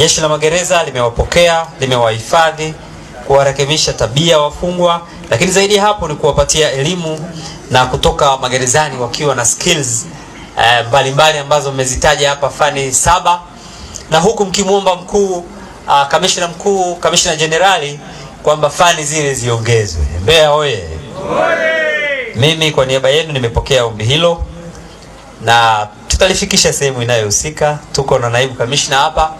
Jeshi la Magereza limewapokea, limewahifadhi, kuwarekebisha tabia wafungwa, lakini zaidi ya hapo ni kuwapatia elimu na kutoka magerezani wakiwa na skills eh, mbalimbali eh, mbali ambazo mmezitaja hapa fani saba, na huku mkimwomba mkuu uh, kamishna mkuu kamishna jenerali kwamba fani zile ziongezwe. Mbeya oye! Mimi kwa niaba yenu nimepokea ombi hilo na tutalifikisha sehemu inayohusika. Tuko na naibu kamishna hapa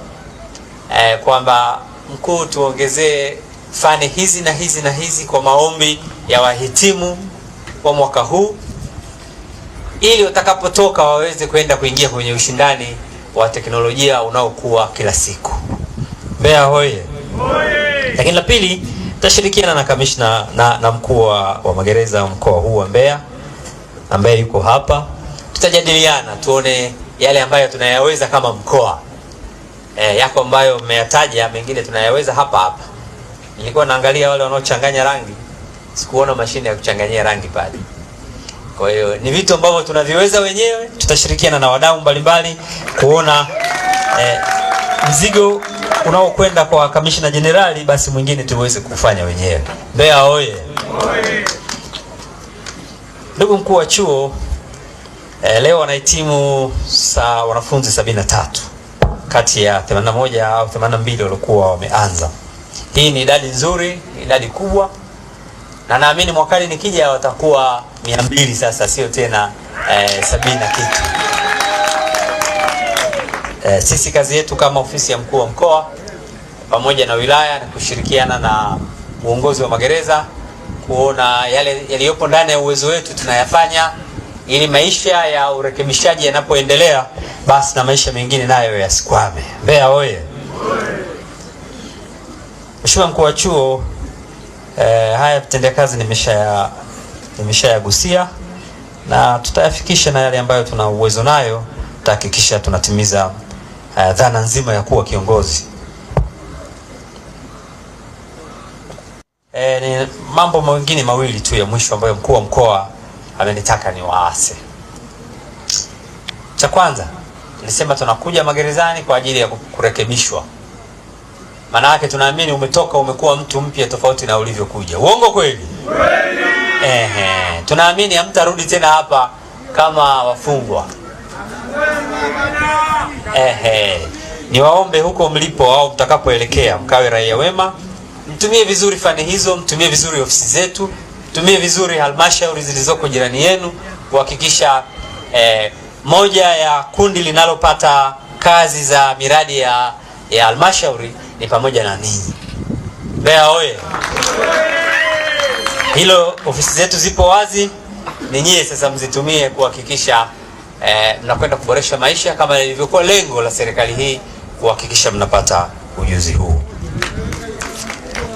eh, kwamba mkuu, tuongezee fani hizi na hizi na hizi kwa maombi ya wahitimu wa mwaka huu ili watakapotoka waweze kwenda kuingia kwenye ushindani wa teknolojia unaokuwa kila siku. mbea hoye! Lakini la pili, tutashirikiana na kamishna na, na mkuu wa magereza mkoa huu wa Mbeya ambaye yuko hapa. Tutajadiliana tuone yale ambayo tunayaweza kama mkoa e, yako ambayo mmeyataja, mengine tunayaweza hapa hapa. Nilikuwa naangalia wale wanaochanganya rangi, sikuona mashine ya kuchanganyia rangi pale. Kwa hiyo ni vitu ambavyo tunaviweza wenyewe, tutashirikiana na wadau mbalimbali kuona e, mzigo unaokwenda kwa kamishna jenerali, basi mwingine tuweze kufanya wenyewe. Mbeya oye! Ndugu mkuu wa chuo eh, leo wanahitimu sa wanafunzi sabini na tatu kati ya 81 au 82 waliokuwa wameanza. Hii ni idadi nzuri, idadi kubwa, na naamini mwakani nikija watakuwa 200 sasa, sio tena eh, sabini na kitu. Eh, sisi kazi yetu kama ofisi ya mkuu wa mkoa pamoja na wilaya na kushirikiana na uongozi wa magereza kuona yale yaliyopo ndani ya uwezo wetu tunayafanya ili maisha ya urekebishaji yanapoendelea, basi na maisha mengine nayo yasikwame. Mbeya oye! Mheshimiwa mkuu wa chuo eh, haya vitendea kazi nimeshayagusia, nimesha na tutayafikisha, na yale ambayo tuna uwezo nayo tutahakikisha tunatimiza eh, dhana nzima ya kuwa kiongozi. Eh, ni mambo mengine mawili tu ya mwisho ambayo mkuu wa mkoa amenitaka ni waase. Cha kwanza nilisema tunakuja magerezani kwa ajili ya kurekebishwa. Maana yake tunaamini umetoka, umekuwa mtu mpya tofauti na ulivyokuja. Uongo kweli? Kweli. Ehe, tunaamini hamtarudi tena hapa kama wafungwa. Ehe, niwaombe huko mlipo au mtakapoelekea, mkawe raia wema, mtumie vizuri fani hizo, mtumie vizuri ofisi zetu. Tumie vizuri halmashauri zilizoko jirani yenu kuhakikisha eh, moja ya kundi linalopata kazi za miradi ya ya halmashauri ni pamoja na ninyi. Mbeya oye! Hilo ofisi zetu zipo wazi, ni nyie sasa mzitumie kuhakikisha eh, mnakwenda kuboresha maisha kama lilivyokuwa lengo la serikali hii kuhakikisha mnapata ujuzi huu.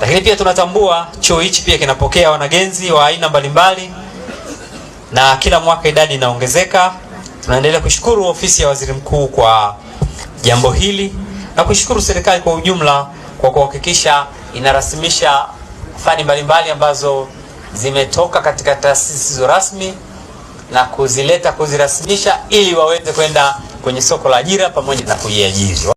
Lakini pia tunatambua chuo hichi pia kinapokea wanagenzi wa aina mbalimbali na kila mwaka idadi inaongezeka. Tunaendelea kushukuru ofisi ya waziri mkuu kwa jambo hili na kushukuru serikali kwa ujumla kwa kuhakikisha inarasimisha fani mbalimbali ambazo zimetoka katika taasisi zisizo rasmi na kuzileta kuzirasimisha ili waweze kwenda kwenye soko la ajira pamoja na kujiajiri.